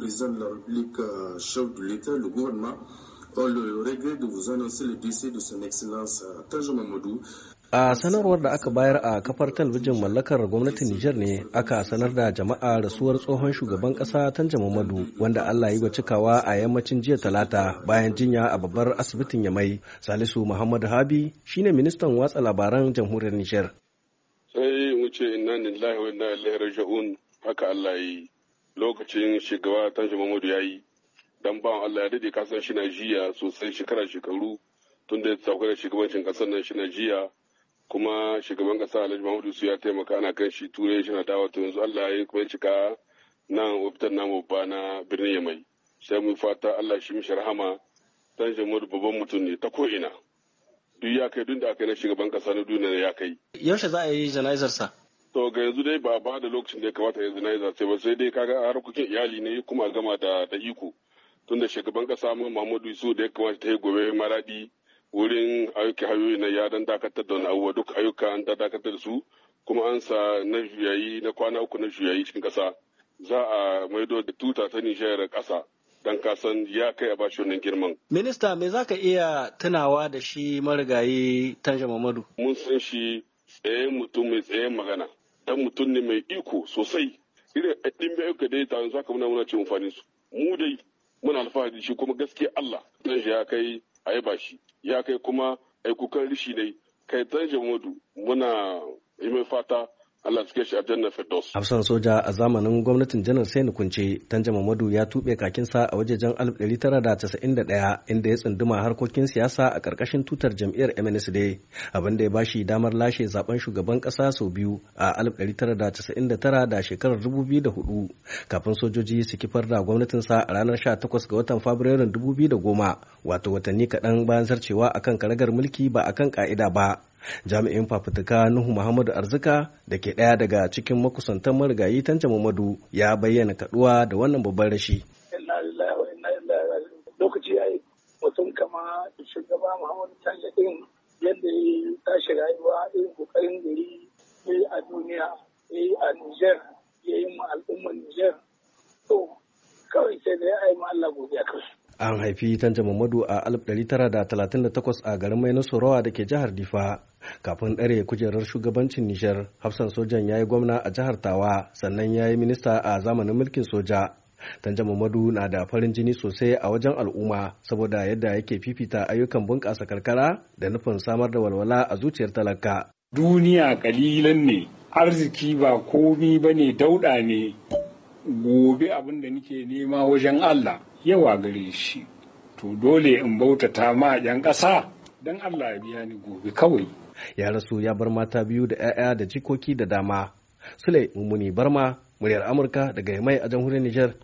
président de la République, euh, chef de l'État, le gouvernement, ont le regret de vous annoncer le décès de son Excellence euh, Mamadou. A sanarwar da aka bayar a kafar talabijin mallakar gwamnatin Nijar ne aka sanar da jama'a rasuwar tsohon shugaban ƙasa Tanja mamadu wanda Allah yi wa cikawa a yammacin jiya talata bayan jinya a babbar asibitin Yamai. Salisu Muhammadu Habi shine ministan watsa labaran jamhuriyar Nijar. Sai mu ce inna lillahi wa inna ilaihi raji'un haka Allah yi. lokacin shugaba tashi mamadu ya yi don ba Allah ya dade kasan shi jiya sosai shekara shekaru tun da tsakwai da shugabancin kasar nan shi jiya kuma shugaban kasa Alhaji mamadu su ya taimaka ana kan shi turai shi na dawo ta yanzu Allah ya kuma cika nan ofitan namu ba na birnin Yamai sai mu fata Allah shi mishi rahama dan mamadu babban mutum ne ta koina duk ya kai duk da aka yi na shugaban kasa na duniya ya kai yaushe za a yi jana'izar sa to ga yanzu dai ba ba da lokacin da ya kamata yanzu na yi zace ba sai dai kaga harkokin iyali ne kuma gama da da iko tunda shugaban kasa mu Muhammadu Isu da ya kamata ta yi gobe maradi wurin ayyuka hayoyi na ya dan dakatar da abubuwa duk ayyuka an dakatar da su kuma an sa na juyayi na kwana uku na juyayi cikin kasa za a maido da tuta ta Nijar kasa dan kasan ya kai a bashi wannan girman. Minista me za ka iya tunawa da shi marigayi Tanja Muhammadu? Mun san shi tsaye mutum mai tsaye magana. dan mutum ne mai iko sosai irin ɗimbin ayyuka ka dai taru za ka muna muna ce amfani su mu dai muna alfahari shi kuma gaskiya Allah dan shi ya kai a yaba shi ya kai kuma aikukan rishi ne kai dan Jamadu muna yi mai fata Allah suke shi aljanna firdaus. Hafsan soja a zamanin gwamnatin janar Sani Kunce, Tanja Mamadu ya tuɓe kakinsa a wajejen 1991 inda ya tsunduma harkokin siyasa a ƙarƙashin tutar jam'iyyar MNSD, abin da ya bashi damar lashe zaben shugaban ƙasa sau biyu a 1999 da shekarar 2004 kafin sojoji su kifar da gwamnatinsa a ranar 18 ga watan Fabrairun 2010 wato watanni kaɗan bayan zarcewa akan karagar mulki ba akan ƙa'ida ba. jami'in fafutuka nuhu muhammadu arzika da ke ɗaya daga cikin makusantan marigayi tanja mamadu ya bayyana kaduwa da wannan babban rashi lokaci ya yi mutum kama shugaba muhammadu tanja din yadda ya tashi rayuwa irin kokarin da ya yi a duniya ya yi a niger ya yi ma al'ummar niger to kawai sai da ya ma allah godiya kansu an haifi tanja mamadu a 1938 a garin mai nasarawa da ke jihar difa kafin ɗare kujerar shugabancin nijar hafsan sojan ya yi gwamna a jihar tawa sannan ya yi minista a zamanin mulkin soja tanja mamadu na da farin jini sosai a wajen al'umma saboda yadda yake fifita ayyukan bunƙasa karkara da nufin samar da walwala a zuciyar talaka duniya kalilan ne arziki ba komi ba ne dauɗa ne gobe abin da nike nema wajen allah yawa gare shi to dole in bautata ma 'yan ƙasa don Allah ya biya ni gobe kawai. Ya rasu ya bar mata biyu da 'ya'ya da jikoki da dama. Sule Mummuni Barma, muryar Amurka daga Yamai a jamhuriyar Nijar.